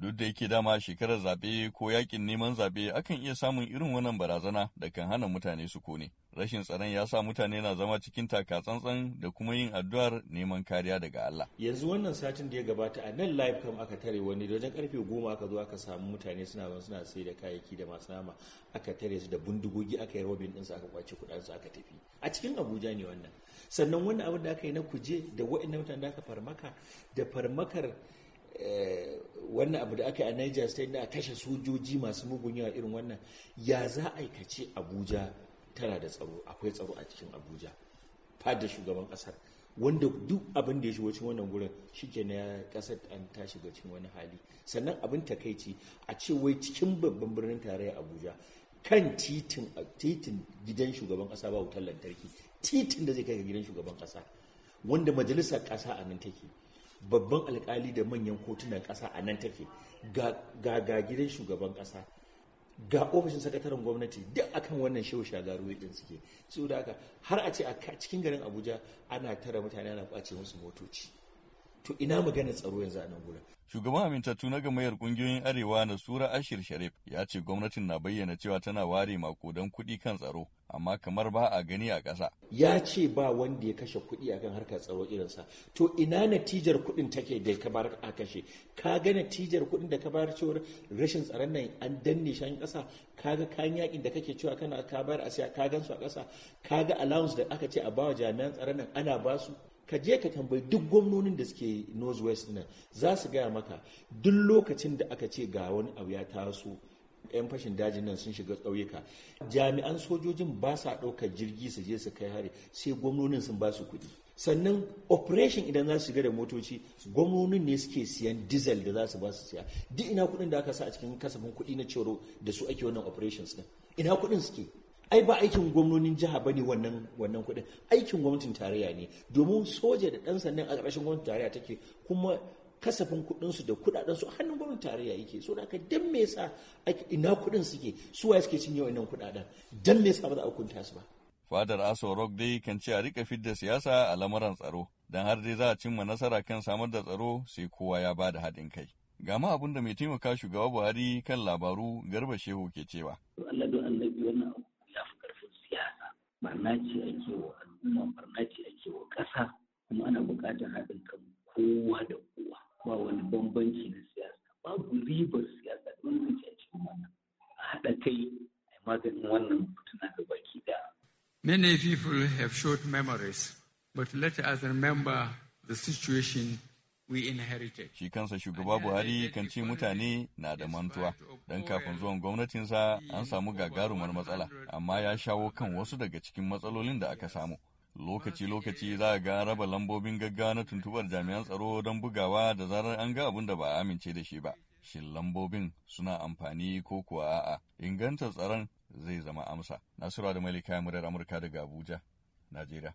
Duk da yake dama shekarar zaɓe ko yakin neman zaɓe akan iya samun irin wannan barazana da kan hana mutane su kone. Rashin tsaron ya sa mutane na zama cikin taka tsantsan da kuma yin addu'ar neman kariya daga Allah. Yanzu wannan satin da ya gabata a nan live kam aka tare wani da wajen karfe goma aka zo aka samu mutane suna wani suna sai da kayayyaki da masu nama aka tare su da bindigogi aka yi robin ɗinsu aka kwace su aka tafi. A cikin Abuja ne wannan. Sannan wannan abin da aka yi na kuje da waɗannan mutane da aka farmaka da farmakar wannan abu da aka yi a niger state na kashe sojoji masu mugun yawa irin wannan ya za aikace abuja tana da tsaro akwai tsaro a cikin abuja fada shugaban kasar wanda duk abin da ya shigo cikin wannan gurin shike na kasar an ta shiga cikin wani hali sannan abin takaici a ce wai cikin babban birnin tarayya abuja kan titin titin gidan shugaban kasa ba wutar lantarki titin da zai kai ga gidan shugaban kasa wanda majalisar kasa a nan take babban alkali da manyan kotunan ƙasa a nan take ga ga gidan shugaban ƙasa ga ofishin sakataren gwamnati duk akan wannan shehu shagaru ɗin suke su da haka har a ce a cikin garin abuja ana tara mutane ana kwace musu motoci to ina magana tsaro yanzu a nan gurin Shugaban amintattu na mayar kungiyoyin Arewa na Sura Ashir Sharif ya ce gwamnatin na bayyana cewa tana ware makudan kuɗi kan tsaro, amma kamar ba a gani a ƙasa. Ya ce ba wanda ya kashe kuɗi a kan harkar tsaro irinsa. To ina natijar kuɗin take da ka bar a kashe? Ka ga natijar kuɗin da ka bar cewar rashin tsaron nan an danne shan ƙasa? Ka ga kayan yakin da kake cewa kana ka bayar a siya ka gansu a ƙasa? Ka ga allowance da aka ce a bawa jami'an tsaron nan ana basu? ka je ka tambayi duk gwamnonin da suke north-west nan za su gaya maka duk lokacin da aka ce ga wani abu ya taso 'yan fashin dajin nan sun shiga ƙauyuka jami'an sojojin ba sa ɗaukar jirgi su je su kai hari sai gwamnonin sun ba su kuɗi sannan operation idan za su shiga da motoci gwamnonin ne suke siyan diesel da za su ba su siya duk ina kuɗin da aka sa a cikin kasafin kuɗi na cero da su ake wannan operations din ina kuɗin suke ai ba aikin gwamnonin jiha ba ne wannan wannan kuɗin aikin gwamnatin tarayya ne domin soja da ɗan sandan a ƙarshen gwamnatin tarayya take kuma kasafin kuɗinsu da kuɗaɗensu su hannun gwamnatin tarayya yake so da aka dan me yasa ina kuɗin suke su waye suke cinye wannan kuɗaɗen dan me yasa ba za a hukunta su ba fadar aso rock dai kan ce a rika fidda siyasa a lamuran tsaro don har dai za a cimma nasara kan samar da tsaro sai kowa ya ba da haɗin kai ga ma abin da mai taimaka shugaba buhari kan labaru garba shehu ke cewa al'umma ƙasa kuma ana buƙatar haɗin kan kowa da kowa ba wani bambanci na siyasa babu ribar siyasa da wani a cikin a haɗa kai a maganin wannan fitina da baki da. Many people have short memories, but let us remember the situation Shi kansa shugaba uh, Buhari kan ce mutane na da mantuwa, don kafin zuwan gwamnatinsa an samu gagarumar matsala, amma ya shawo kan wasu daga cikin matsalolin da aka samu. Lokaci-lokaci za a ga raba lambobin gaggawa na tuntubar jami'an tsaro don bugawa da zarar an ga abin da ba a amince da shi ba. Shin lambobin suna amfani ko kuwa a'a inganta tsaron zai zama amsa. nasiru da Malika Murar Amurka daga Abuja, Najeriya.